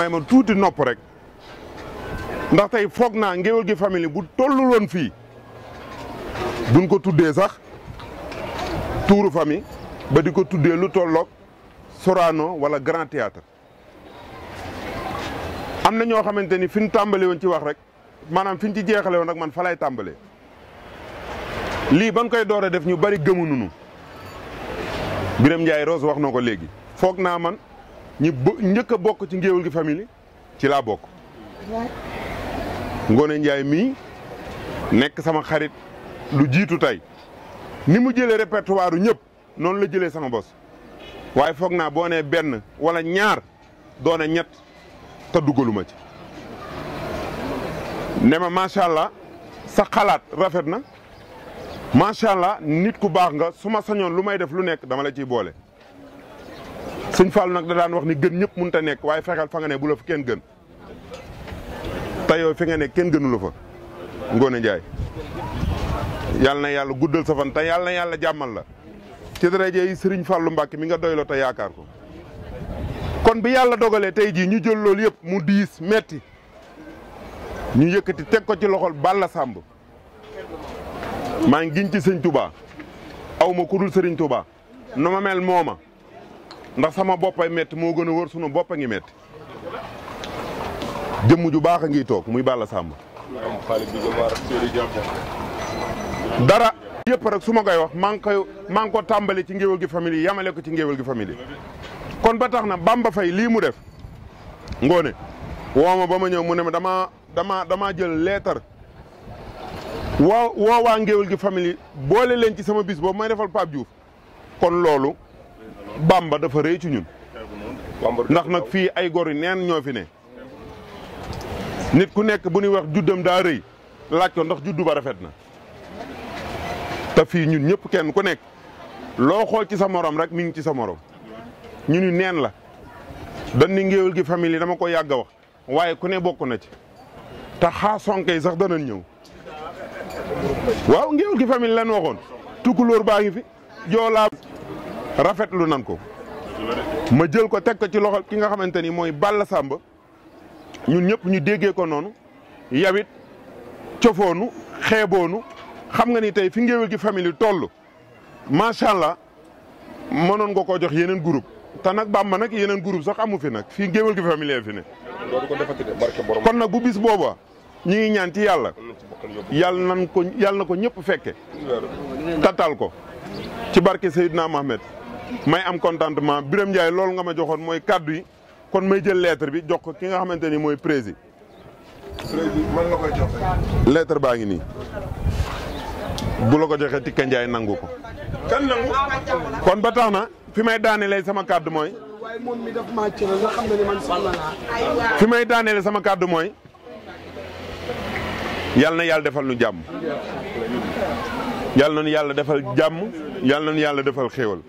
may ma tuuti nopp rek ndax tey foog na ngéwél gi famille bu tollul woon fii buñ ko tuddee sax tuuru famille ba di ko lu tolloog Sorano wala Grand Théâtre am na ñoo xamante ni fi ñu tàmbale ci wax rek manam fi ci jeexale woon man fa lay li lii ban koy door a def ñu bari gëmuñu nu Birame Rose wax na ko léegi foog man ñi njëkk a bokk ci ngéewul gi famille ci laa bokk. Ngone njaay mii nekk sama xarit lu jiitu tey ni mu jëlee répertoire ñëpp noonu la jëlee sama bos waaye foog naa boo nee benn walla ñaar doone ñett te dugaluma ci. ne ma macha allah sa xalaat rafet na macha allah nit ku baax nga su ma sañoon lu may def lu nekk dama la ciy boole. sëñ Fall nag da daan wax ni gën ñëpp mënut a nekk waaye fexeel fa nga ne bu la kenn gën te fi nga ne kenn gënu la fa Ngoone Njaay yàlla na yàlla guddal sa fan te yàlla na yàlla jàmmal la ci daraja yi sëriñ Fàllu Mbàkke mi nga doyloo te yaakaar ko kon bi yàlla dogalee tey jii ñu jël loolu yëpp mu diis metti ñu yëkkati teg ko ci loxol Balla Sàmb maa ngi giñ ci sëñ Touba aw ma ku sëriñ tubaa nu ma mooma ndax sama boppay metti moo gën a wër sunu bopp ngi metti jëmm ju baax a ngi toog muy Balla Samb dara yëpp rek su ma koy wax maa ngi koy maa ngi ko tàmbali ci ngéwél gi famille yamale ko ci ngéwél gi famille kon ba tax na Bamba fay lii mu def ngoone woo ma ba ma ñëw mu ne ma damaa damaa damaa jël leetar woo woo waa ngéwél gi famille boole leen ci sama bis boobu may defal Pape Diouf kon loolu bamba dafa rëy ci ñun ndax nag fii ay gor yu neen ñoo fi ne nit ku nekk bu ñuy wax juddam daa rëy laaj ko ndax juddu ba rafet na te fii ñun ñëpp kenn ku nekk loo xool ci sa morom rek mi ngi ci sa morom ñu ñu neen la dañ ni ngéewal gi famille dama ko yàgg wax waaye ku ne bokk na ci te xaa sonke yi sax danañ ñëw waaw ngéewal gi famille lan waxoon tukulóor baa ngi fi joolaa rafetlu nan ko ma jël ko teg ko ci loxo ki nga xamante ni mooy Balla Samba ñun ñëpp ñu déggee ko noonu yow it cofoonu xeeboonu xam nga ni tey fi Ngéwél gi famille toll macha allah mënoon nga koo jox yeneen groupe te nag Bamba nag yeneen groupe sax amu fi nag fii Ngéwél gi famille fi ne. kon nag bu bis booba ñi ngi ñaan ci yàlla. yàlla nan ko yàlla na ko ñëpp fekke tatal ko. ci barke Seydina Mohamed may am contentement biram Ndiaye loolu nga ma joxoon mooy kàddu yi kon may jël lettre bi jox ki nga xamante ni mooy prési prési baa ngi nii bu la ko joxee Tikka Ndiaye nangu ko. kan kon ba tax na fi may daanelee sama kàddu mooy. waaye fi may daanelee sama kàddu mooy yàlla na yàlla defal nu jàmm. yàlla nañu yàlla defal jàmm yàlla nañu yàlla defal xéewal